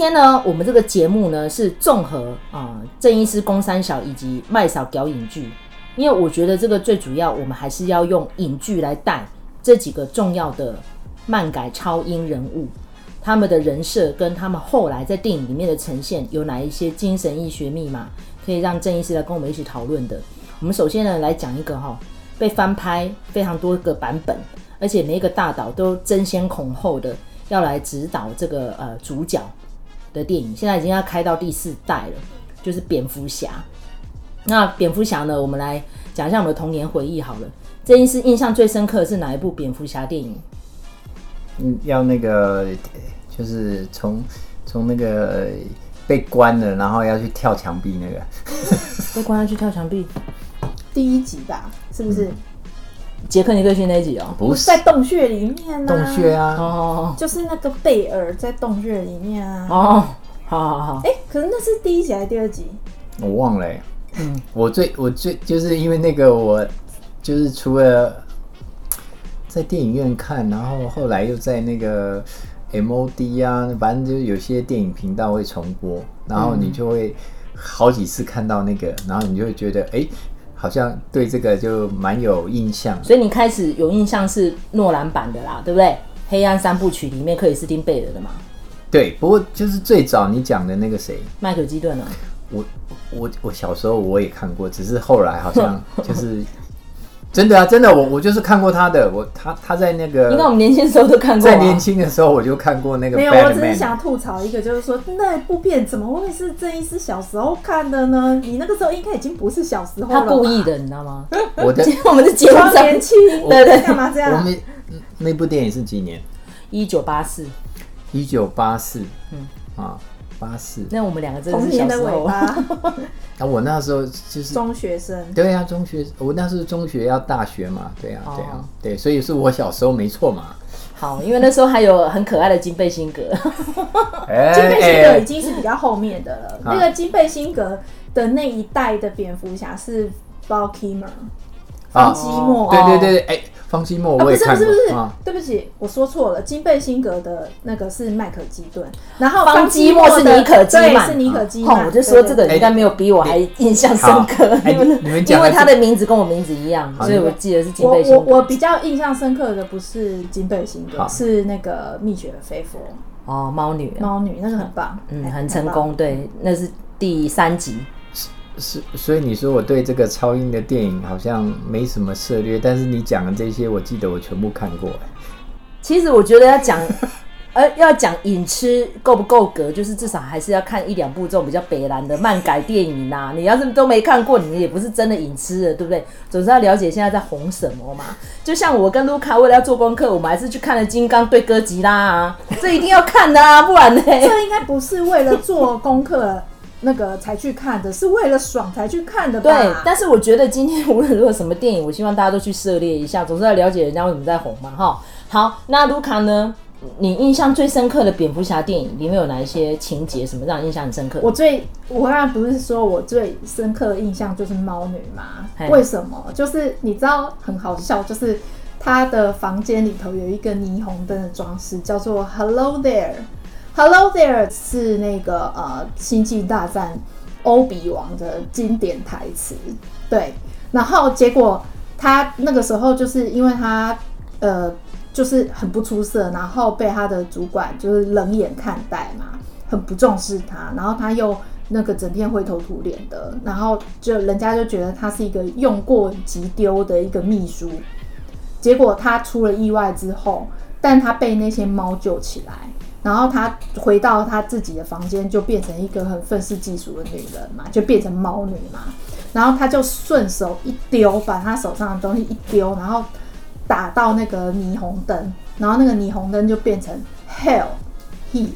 今天呢，我們這個節目呢是綜合啊、呃，鄭醫師公三小以及麥嫂搞影劇，因為我覺得這個最主要，我們還是要用影劇來帶這幾個重要的漫改超英人物，他們的人設跟他們後來在電影裡面的呈現，有哪一些精神醫學密碼可以讓鄭醫師來跟我們一起討論的。我們首先呢來講一個哈、哦，被翻拍非常多個版本，而且每一個大導都爭先恐後的要來指導這個呃主角的電影現在已經要開到第四代了，就是蝙蝠俠。那蝙蝠俠呢？我們來講一下我們的童年回憶好了。鄭醫師印象最深刻的是哪一部蝙蝠俠電影？嗯，要那個就是從從那個被關了，然後要去跳牆壁那個 被關下去跳牆壁第一集吧，是不是？嗯杰克尼克遜那集哦，不是在洞穴裡面吶，啊，洞穴啊，哦，就是那個貝爾在洞穴裡面啊，哦，好好好，哎，欸，可是那是第一集還是第二集？我忘了，欸，嗯我，我最我最就是因為那個我，就是除了在電影院看，然後後來又在那個 MOD 啊，反正就有些電影頻道會重播，然後你就會好幾次看到那個，然後你就會覺得哎。欸好像對這個就蠻有印象，所以你開始有印象是諾蘭版的啦，對不對？黑暗三部曲裡面克里斯汀貝爾的嘛。對，不過就是最早你講的那個誰？麥克基頓啊、哦。我我我小時候我也看過，只是後來好像就是。 真的啊，真的，我我就是看過他的，我他他在那個，應該我們年輕時候都看過，在年輕的時候我就看過那個。沒有，我只是想吐槽一個，就是說那部片怎麼會是鄭醫師小時候看的呢？你那個時候應該已經不是小時候了。他故意的，你知道嗎？我的， 我們是解放年輕的，幹嘛這樣？我那部電影是幾年？一九八四。一九八四。嗯啊。八四，那我們兩個真的是小時候、 啊。我那時候就是中學生，對呀、啊，中學，我那時候中學要大學嘛，對呀、啊，哦、對呀，對，所以是我小時候沒錯嘛。好，因為那時候還有很可愛的金貝辛格， 哎、金貝辛格已經是比較後面的了。哎、那個金貝辛格的那一代的蝙蝠俠是包基墨嗎？方基墨對對對對，哎。方基莫，未、啊。不是不是不是，對不起，我說錯了。金貝辛格的那個是麥可基頓，然後方基莫是妮可基嫚，對，是妮可基嫚、啊哦。我就說這個應該沒有比我還印象深刻，因為他的名字跟我名字一樣，所以我記得是金貝辛格。我我我比較印象深刻的不是金貝辛格，好是那個蜜雪兒菲佛。哦，貓女、女，貓女那個很棒，嗯，很成功，棒對，那是第三集。所以你說我對這個超英的電影好像沒什麼策略，但是你講的這些，我記得我全部看過。其實我覺得要講，呃， 要講影痴夠不夠格，就是至少還是要看一兩部這種比較北蘭的漫改電影啦。你要是都沒看過，你也不是真的隱私了，對不對？總是要了解現在在紅什麼嘛。就像我跟盧卡為了要做功課，我們還是去看了《金剛對歌吉拉》，這一定要看的啊，不然呢？ 這應該不是為了做功課。 那個才去看的，是為了爽才去看的吧？對，但是我覺得今天無論如何什麼電影，我希望大家都去涉獵一下，總是要了解人家為什麼在紅嘛。哈，好，那盧卡呢？你印象最深刻的蝙蝠俠電影裡面有哪一些情節？什麼讓你印象很深刻？我最我剛剛不是說我最深刻的印象就是貓女嘛？為什麼？ 就是你知道很好笑，就是他的房間裡頭有一個霓虹燈的裝飾，叫做 Hello There。Hello there 是那個呃《星際大戰》歐比王的經典台詞，對。然後結果他那個時候就是因為他呃就是很不出色，然後被他的主管就是冷眼看待嘛，很不重視他。然後他又那個整天灰頭土臉的，然後就人家就覺得他是一個用過即丟的一個秘書。結果他出了意外之後，但他被那些貓救起來。然後他回到他自己的房間，就變成一個很憤世嫉俗的女人嘛，就變成貓女嘛。然後他就順手一丟，把他手上的東西一丟，然後打到那個霓虹燈，然後那個霓虹燈就變成 hell here。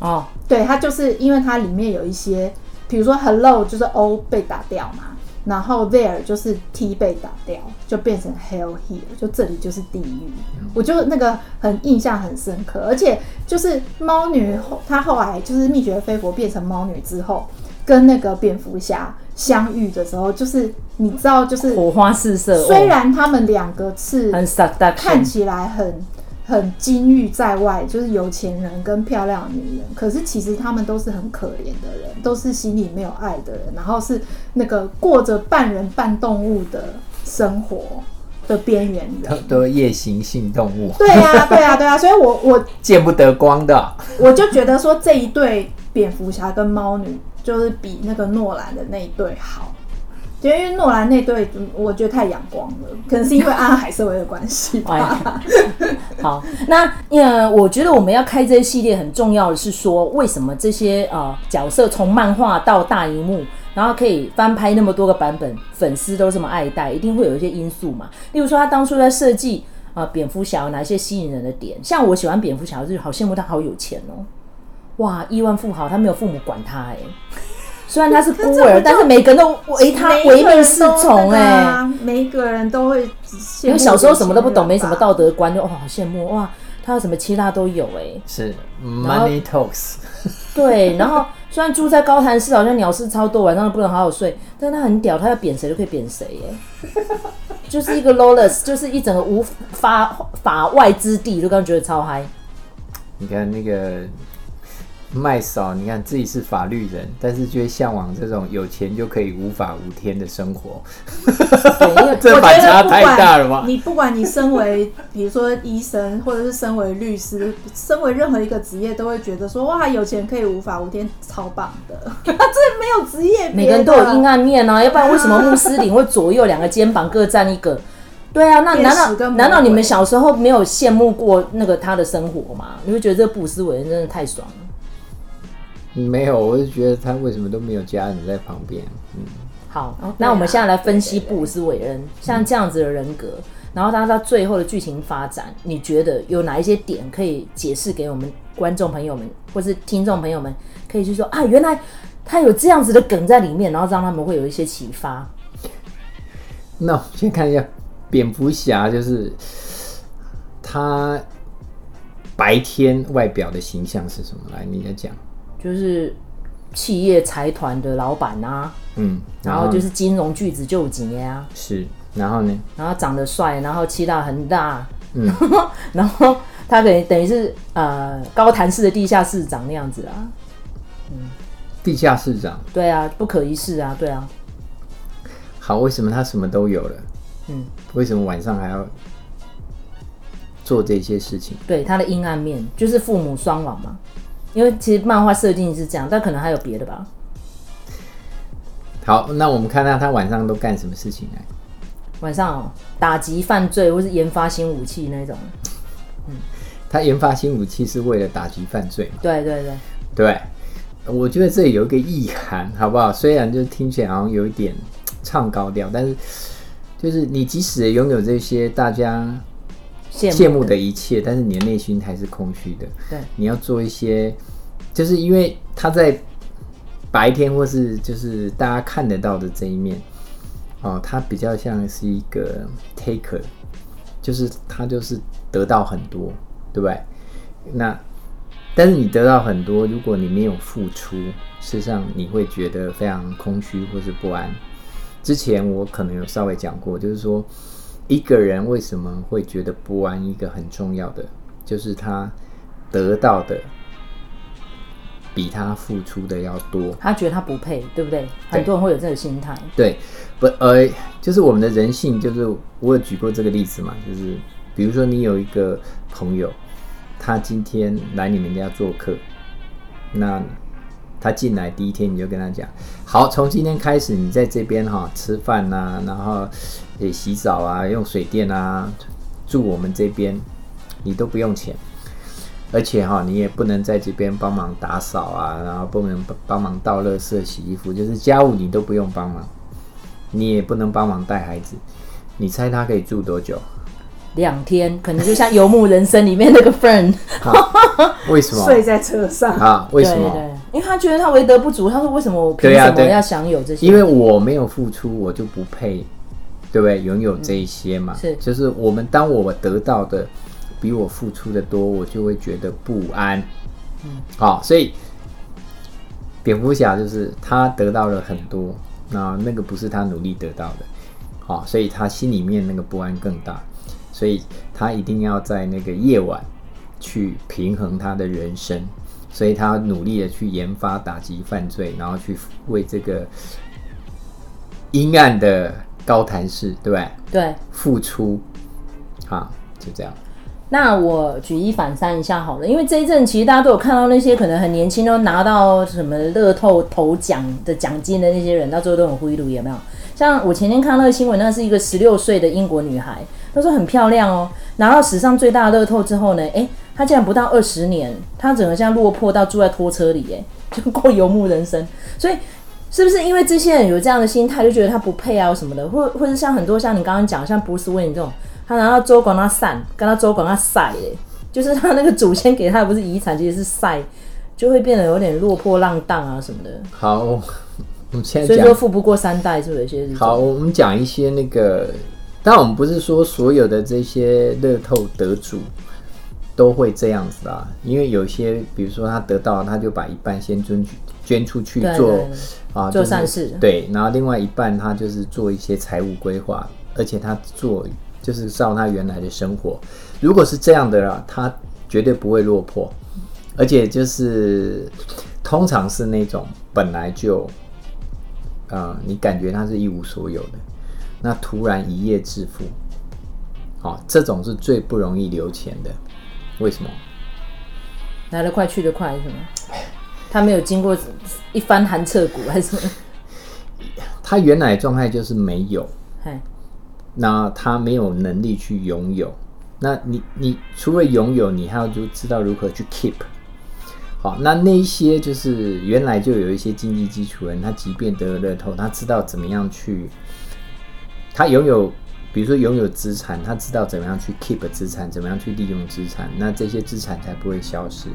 哦，oh. 對，他就是因為它裡面有一些，比如說 hello，就是 o 被打掉嘛。然後 there 就是 T 被打掉，就變成 hell here，就這裡就是地獄。我就那個很印象很深刻，而且就是貓女她、嗯、後來就是秘訣的飛佛變成貓女之後，跟那個蝙蝠俠相遇的時候，就是你知道就是火花四射。雖然他們兩個是看起來很。很金玉在外，就是有錢人跟漂亮的女人，可是其實他們都是很可憐的人，都是心裡沒有愛的人，然後是那個過着半人半動物的生活的邊緣人，很多夜行性動物。對呀，對呀，對呀，所以我我見不得光的， 我就覺得說這一對蝙蝠俠跟貓女，就是比那個諾蘭的那一對好。因為諾蘭那對，我覺得太陽光了，可能是因為安海瑟薇的關係吧。 哎、好，那呃、嗯，我覺得我們要開這些系列很重要的是說，為什麼這些呃角色從漫畫到大熒幕，然後可以翻拍那麼多個版本，粉絲都這麼愛戴，一定會有一些因素嘛。例如說，他當初在設計、呃、蝙蝠俠有哪些吸引人的點？像我喜歡蝙蝠俠，就是好羨慕他好有錢哦，哇，億萬富豪，他沒有父母管他哎。雖然他是孤兒，但是每個人都唯他唯命是從哎，每一個人都會人。因為小時候什麼都不懂，沒什麼道德觀，就哇好羨慕哇，他有什麼其他都有哎、欸。是後，Money Talks。對，然後雖然住在高譚市，好像鳥事超多，晚上都不能好好睡，但他很屌，他要扁誰就可以扁誰哎。 就是一個 Lawless，就是一整個無法法外之地，就剛剛覺得超嗨。你看那個。賣少，你看自己是法律人，但是就會嚮往這種有錢就可以無法無天的生活。因 哈 這反蠻差太大了嘛？你不管你身為，比如說醫生，或者是身為律師，身為任何一個職業，都會覺得說哇，有錢可以無法無天，超棒的。哈 哈，這沒有職業，每個人都有陰暗面、喔、啊，要不然為什麼穆斯林會左右兩個肩膀各占一個？對啊，那難道難道你們小時候沒有羨慕過那個他的生活嗎？你會覺得這布魯斯韋恩真的太爽了？沒有，我就覺得他為什麼都沒有家人在旁邊。嗯，好，那我們現在來分析布魯斯韋恩、啊、像這樣子的人格，嗯、然後他到最後的劇情發展，你覺得有哪一些點可以解釋給我們觀眾朋友們或是聽眾朋友們，可以去說啊，原來他有這樣子的梗在裡面，然後讓他們會有一些啟發。那我們先看一下蝙蝠俠，就是他白天外表的形象是什麼？來，你來講。就是企業財團的老闆啊，嗯，然後，然後就是金融巨子救急啊，是，然後呢？然後長得帥，然後氣大很大，嗯， 然後他等於等於是呃高譚市的地下市長那樣子啊。嗯，地下市長，對啊，不可一世啊，對啊。好，為什麼他什麼都有了？嗯，為什麼晚上還要做這些事情？對，他的陰暗面就是父母雙亡嘛。因為其實漫畫設定是這樣，但可能還有別的吧。好，那我們看看他晚上都幹什麼事情呢，啊？晚上哦，打擊犯罪或是研發新武器那種。嗯，他研發新武器是為了打擊犯罪。對對對對，我覺得這裡有一個意涵，好不好？雖然就聽起來好像有一點唱高調，但是就是你即使擁有這些，大家。羨慕，羨慕的一切，但是你的內心還是空虛的。對，你要做一些，就是因為他在白天或是就是大家看得到的這一面，哦，他比較像是一個 taker，就是他就是得到很多，對不對？那但是你得到很多，如果你沒有付出，事實上你會覺得非常空虛或是不安。之前我可能有稍微講過，就是說。一個人為什麼會覺得不安？一個很重要的就是他得到的比他付出的要多，他覺得他不配，對不對？對，很多人會有這個心態。對，不，呃，就是我們的人性，就是我有舉過這個例子嘛，就是比如說你有一個朋友，他今天來你們家做客，那。他進來第一天，你就跟他講，好，從今天開始，你在這邊哈吃飯吶、啊，然後洗澡啊，用水電啊，住我們這邊，你都不用錢，而且哈，你也不能在這邊幫忙打掃啊，然後不能幫忙倒垃圾洗衣服，就是家務你都不用幫忙，你也不能幫忙帶孩子。你猜他可以住多久？兩天，可能就像《遊牧人生》裡面那個 friend。為什麼睡在車上啊？為什麼？因為他覺得他為德不足，他說：“為什麼我憑什麼要享有這些、啊？”因為我沒有付出，我就不配，對不對？擁有這些嘛，嗯、是就是我們，當我得到的比我付出的多，我就會覺得不安。嗯，好，所以蝙蝠俠就是他得到了很多，那那個不是他努力得到的，好，所以他心裡面那個不安更大，所以他一定要在那個夜晚去平衡他的人生。所以他努力的去研發打擊犯罪，然後去為這個陰暗的高譚市，對不對？對，付出，啊，就這樣。那我舉一反三一下好了，因為這一陣其實大家都有看到那些可能很年輕都拿到什麼樂透頭獎的獎金的那些人，到最後都很灰度，有沒有？像我前天看那個新聞，那是一個十六歲的英國女孩，她說很漂亮哦，喔，拿到史上最大的樂透之後呢，誒、欸。他竟然不到二十年，他整個像落魄到住在拖車裡耶，哎，就過游牧人生。所以，是不是因為這些人有這樣的心態，就覺得他不配啊什麼的？或或是像很多像你剛剛講，像 Bruce Wayne 這種，他拿到周廣他散，跟他周廣他曬，哎，就是他那個祖先給他不是遺產，其實是曬，就會變得有點落魄浪蕩啊什麼的。好，我們現在所以說富不過三代，是不是有些是不是？好，我們講一些那個，但我們不是說所有的這些樂透得主。都會這樣子啊，因為有些，比如說他得到，他就把一半先捐去捐出去做對啊，做善事，就是、對，然後另外一半他就是做一些財務規劃，而且他做就是照他原來的生活。如果是這樣的啦，他絕對不會落魄，而且就是通常是那種本來就啊、呃，你感覺他是一無所有的，那突然一夜致富、啊，這種是最不容易留錢的。為什麼？來得快去得快是嗎？他沒有經過一番寒徹骨還是什麼？ 他原來的狀態就是沒有，嘿那他沒有能力去擁有。那你你除了擁有，你還要就知道如何去 keep。好，那那一些就是原來就有一些經濟基礎的人，他即便得了樂透，他知道怎麼樣去，他擁有。比如說擁有資產，他知道怎麼樣去 keep 資產，怎麼樣去利用資產，那這些資產才不會消失。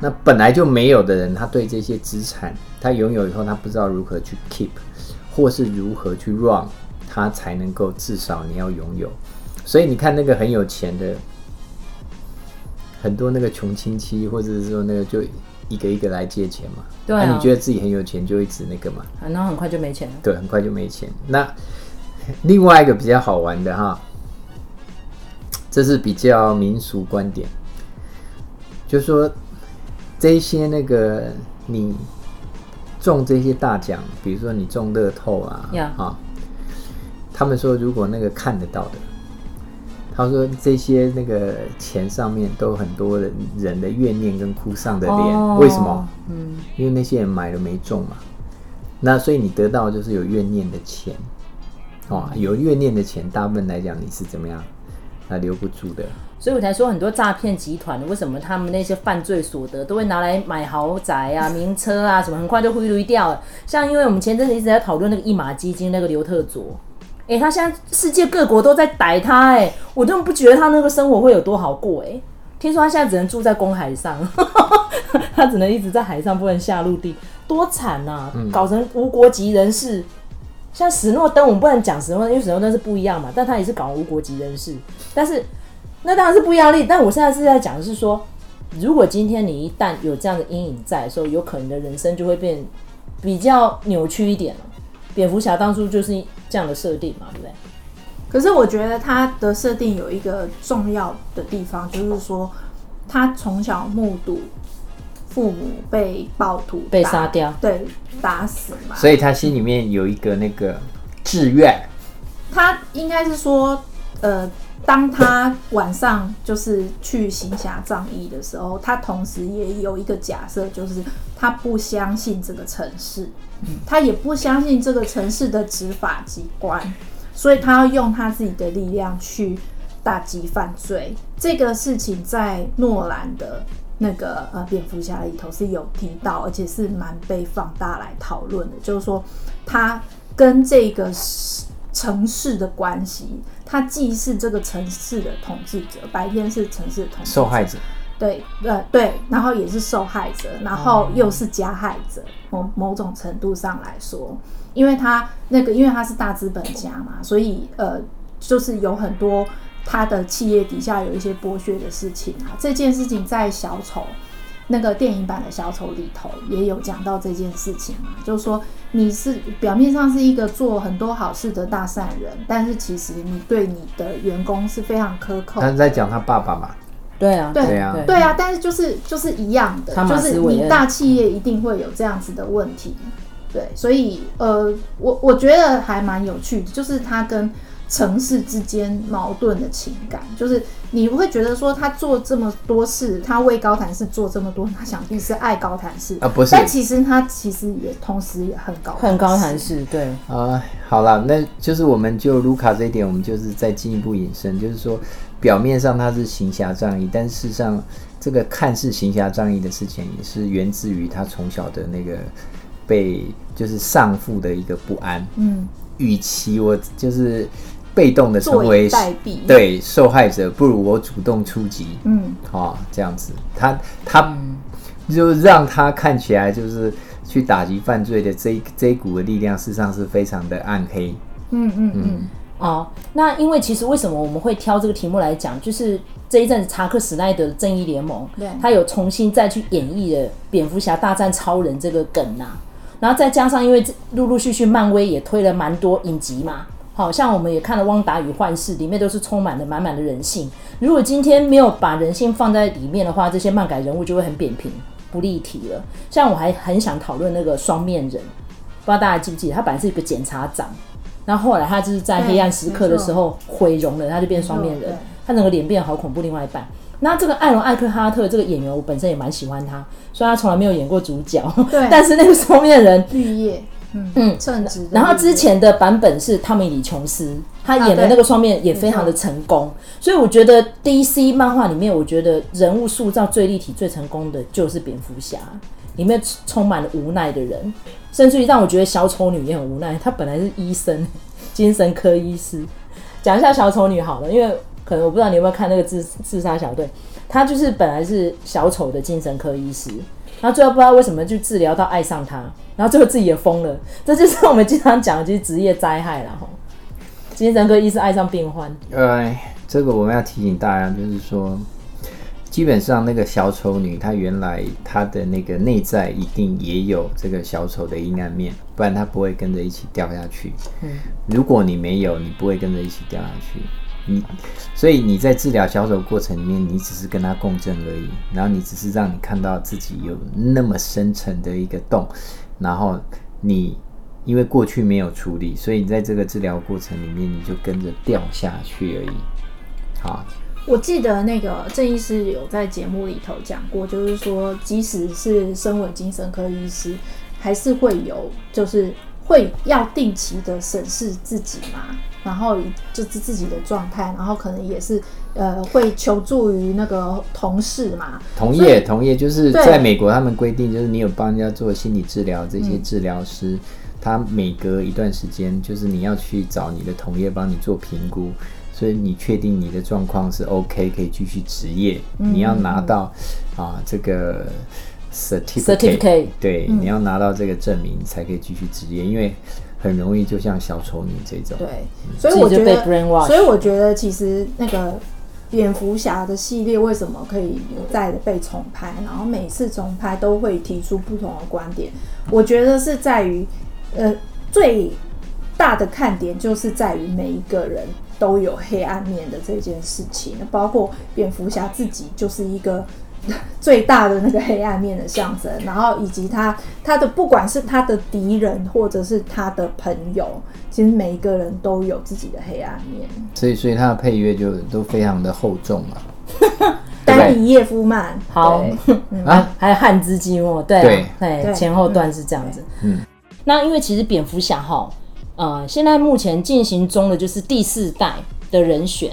那本來就沒有的人，他對這些資產，他擁有以後，他不知道如何去 keep，或是如何去 run，他才能夠，至少你要擁有。所以你看那個很有錢的，很多那個窮親戚，或者是說那個就一個一個來借錢嘛。對、哦、啊。你覺得自己很有錢就一直那個嘛。啊，那很快就沒錢了。對，很快就沒錢。那。另外一個比較好玩的哈，這是比較民俗觀點，就是說這些那個你中這些大獎，比如說你中樂透啊，啊 Yeah.，他們說如果那個看得到的，他說這些那個錢上面都有很多人的怨念跟哭喪的臉，Oh. 為什麼？嗯，因為那些人買了沒中嘛，那所以你得到就是有怨念的錢。哦、有怨念的錢，大部分來講你是怎麼樣他留不住的。所以我才說，很多詐騙集團，為什麼他們那些犯罪所得都會拿來買豪宅啊、名車啊什麼，很快就灰溜掉了。像因為我們前陣子一直在討論那個一馬基金那個劉特佐，哎、欸，他現在世界各國都在逮他、欸，哎，我都不覺得他那個生活會有多好過、欸，哎，聽說他現在只能住在公海上，呵呵他只能一直在海上，不能下陸地，多慘吶、啊！嗯、搞成無國籍人士。像史諾登，我們不能講史諾登，因為史諾登是不一樣嘛，但他也是搞無國籍人士，但是那當然是不一樣例。但我現在是在講的是說，如果今天你一旦有這樣的陰影在的時候，所以有可能的人生就會變比較扭曲一點、哦、蝙蝠俠當初就是這樣的設定嘛，對不對？可是我覺得他的設定有一個重要的地方，就是說他從小目睹。父母被暴徒被殺掉，對，打死嘛。所以他心裡面有一個那個志願。他應該是說，呃，當他晚上就是去行俠仗義的時候，他同時也有一個假設，就是他不相信這個城市，嗯，他也不相信這個城市的執法機關，所以他要用他自己的力量去打擊犯罪。這個事情在諾蘭的。那個呃，蝙蝠俠裡頭是有提到，而且是蠻被放大來討論的，就是說他跟這個城市的關係，他既是這個城市的統治者，白天是城市的統治者，受害者，對，呃，對，然後也是受害者，然後又是加害者，某某種程度上來說，因為他那個，因為他是大資本家嘛，所以呃，就是有很多。他的企業底下有一些剝削的事情啊，這件事情在小丑那個電影版的小丑裡頭也有講到這件事情啊，就是說你是表面上是一個做很多好事的大善人，但是其實你對你的員工是非常苛刻。他在講他爸爸嘛，對啊，對啊，對啊，對啊，但是就是就是一樣的，他們是，就是你大企業一定會有這樣子的問題，嗯，對，所以呃，我我覺得還蠻有趣的，就是他跟。城市之間矛盾的情感，就是你不會覺得說他做這麼多事，他為高譚市做這麼多，他想必是愛高譚市，okay. 啊，不是？但其實他其實也同時也很高，很高譚市，對啊。好了，那就是我們就盧卡這一點，我們就是再進一步引申，就是說表面上他是行俠仗義，但事實上這個看似行俠仗義的事情，也是源自於他從小的那個被就是喪父的一個不安。嗯，與其我就是。被動的成為坐以待斃對受害者，不如我主動出擊。嗯、哦，這樣子，他他、嗯、就讓他看起來就是去打擊犯罪的這一這一股的力量，事實上是非常的暗黑。嗯嗯嗯。嗯哦，那因為其實為什麼我們會挑這個題目來講，就是這一陣查克史奈德的正義聯盟，他對有重新再去演繹了蝙蝠俠大戰超人這個梗吶，啊，然後再加上因為陸陸續續漫威也推了蠻多影集嘛。好像我們也看了《汪達與幻視》，裡面都是充滿了滿滿的人性。如果今天沒有把人性放在裡面的話，這些漫改人物就會很扁平，不立體了。像我還很想討論那個雙面人，不知道大家記不記得，他本來是一個檢察長，那後來他就是在黑暗時刻的時候毀容了，他就變雙面人，他整個臉變好恐怖。另外一半，那這個艾倫·艾克哈特這個演員，我本身也蠻喜歡他，雖然他從來沒有演過主角，對，但是那個雙面人綠葉。嗯，嗯，然後之前的版本是湯米李瓊斯，啊、他演的那個雙面也非常的成功，對所以我覺得 DC 漫畫裡面，我覺得人物塑造最立體、最成功的就是蝙蝠俠，裡面充滿了無奈的人，甚至於讓我覺得小丑女也很無奈。她本來是醫生，精神科醫師，講一下小丑女好了，因為可能我不知道你有沒有看那個自自殺小隊，她就是本來是小丑的精神科醫師，然後最後不知道為什麼就治療到愛上他。然後最後自己也瘋了，這就是我們經常講的就是職業災害了哈。精神科醫生愛上病患。哎，這個我們要提醒大家，就是說，基本上那個小丑女，她原來她的那個內在一定也有這個小丑的陰暗面，不然她不會跟着一起掉下去。嗯。如果你沒有，你不會跟着一起掉下去。你，所以你在治療小丑的過程裡面，你只是跟她共振而已，然後你只是讓你看到自己有那麼深層的一個洞。然後你因為過去沒有處理，所以你在這個治療過程裡面，你就跟着掉下去而已。好，我記得那個鄭醫師有在節目裡頭講過，就是說，即使是身為精神科醫師，還是會有，就是會要定期的審視自己嘛，然後就是自己的狀態，然後可能也是。呃，會求助於那個同事嘛，同業，所以，同業就是在美國，他們規定就是你有幫人家做心理治療，這些治療師、嗯、他每隔一段時間，就是你要去找你的同業幫你做評估，所以你確定你的狀況是 OK，可以繼續執業。嗯、你要拿到、嗯、啊這個 certificate，Certificate，對，嗯、你要拿到這個證明才可以繼續執業，嗯、因為很容易就像小丑女這種。對，所以我覺得，就被 brainwash，所以我覺得其實那個。蝙蝠俠的系列，為什麼可以再被重拍？然後每次重拍都會提出不同的觀點。我覺得是在於，呃，最大的看點就是在於每一個人都有黑暗面的這件事情。包括蝙蝠俠自己就是一個。最大的那個黑暗面的象徵，然後以及他他的不管是他的敵人或者是他的朋友，其實每一個人都有自己的黑暗面。所以，所以他的配樂就都非常的厚重啊。丹尼·葉夫曼，好啊， 還有漢斯·季默，對對，前後段是這樣子。嗯，嗯，那因為其實蝙蝠俠哈，呃，現在目前進行中的就是第四代的人選。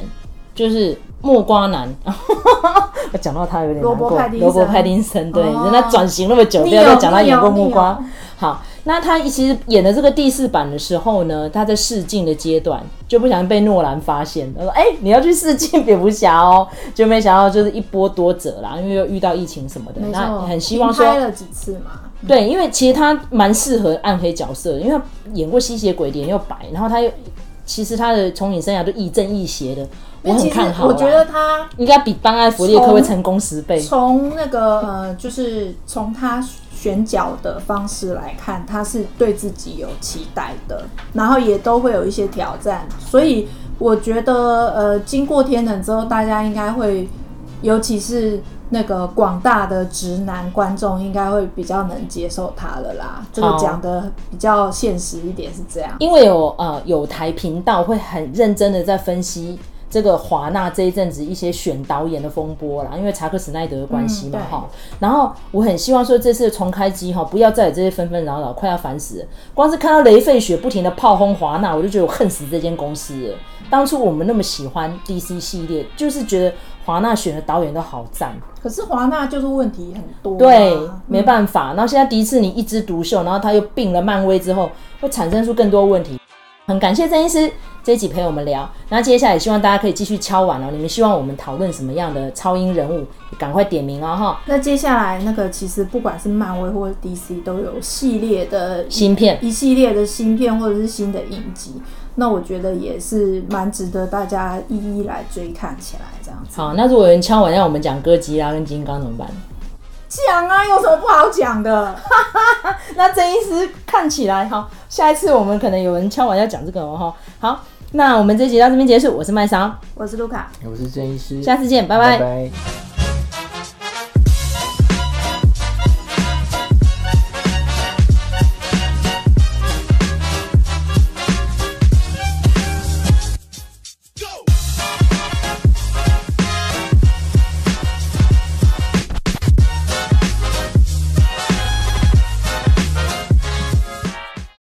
就是木瓜男，我 講到他有點難過。羅伯·派丁森，對，啊、人家轉型那麼久，有要不要再講他演過木瓜。好，那他其實演的這個第四版的時候呢，他在試鏡的階段就不小心被諾蘭發現，他說：“哎、欸，你要去試鏡蝙蝠俠哦。喔”就沒想到就是一波多折啦，因為又遇到疫情什麼的，那錯很希望說拍了幾次嘛？對，因為其實他蠻適合暗黑角色，因為他演過吸血鬼，臉又白，然後他又。其實他的從影生涯都亦正亦邪的，其實我很看好啊。我覺得他應該比班艾弗列克會成功十倍。從那個呃，就是從他選角的方式來看，他是對自己有期待的，然後也都會有一些挑戰。所以我覺得呃，經過天冷之後，大家應該會。尤其是那個廣大的直男觀眾，應該會比較能接受他了啦。這個講得比較現實一點是這樣。因為有呃有台頻道會很認真的在分析這個華納這一陣子一些選導演的風波啦。因為查克史奈德的關係嘛，哈、嗯。然後我很希望說這次重開機哈、哦，不要再有這些紛紛擾擾，快要煩死了。光是看到雷費雪不停地炮轟華納，我就覺得我恨死這間公司了。當初我們那麼喜歡 DC 系列，就是覺得。華納選的導演都好讚，可是華納就是問題很多，對，沒辦法。嗯、然後現在迪士尼一次你一枝獨秀，然後他又併了漫威之後，會產生出更多問題。很感謝鄭醫師這一集陪我們聊，那接下來希望大家可以繼續敲碗哦，你們希望我們討論什麼樣的超英人物，趕快點名哦，啊。哈。那接下來那個其實不管是漫威或者 DC 都有系列的新片，一系列的新片或者是新的影集，那我覺得也是蠻值得大家一一來追看起來。好，那如果有人敲完，要我們講哥吉拉跟金剛怎麼辦？講啊，有什麼不好講的？ 那鄭醫師看起來哈，下一次我們可能有人敲完要講這個哦。好，那我們這集到這邊結束，我是麥桑，我是盧卡，我是鄭醫師，下次見，拜拜。拜拜。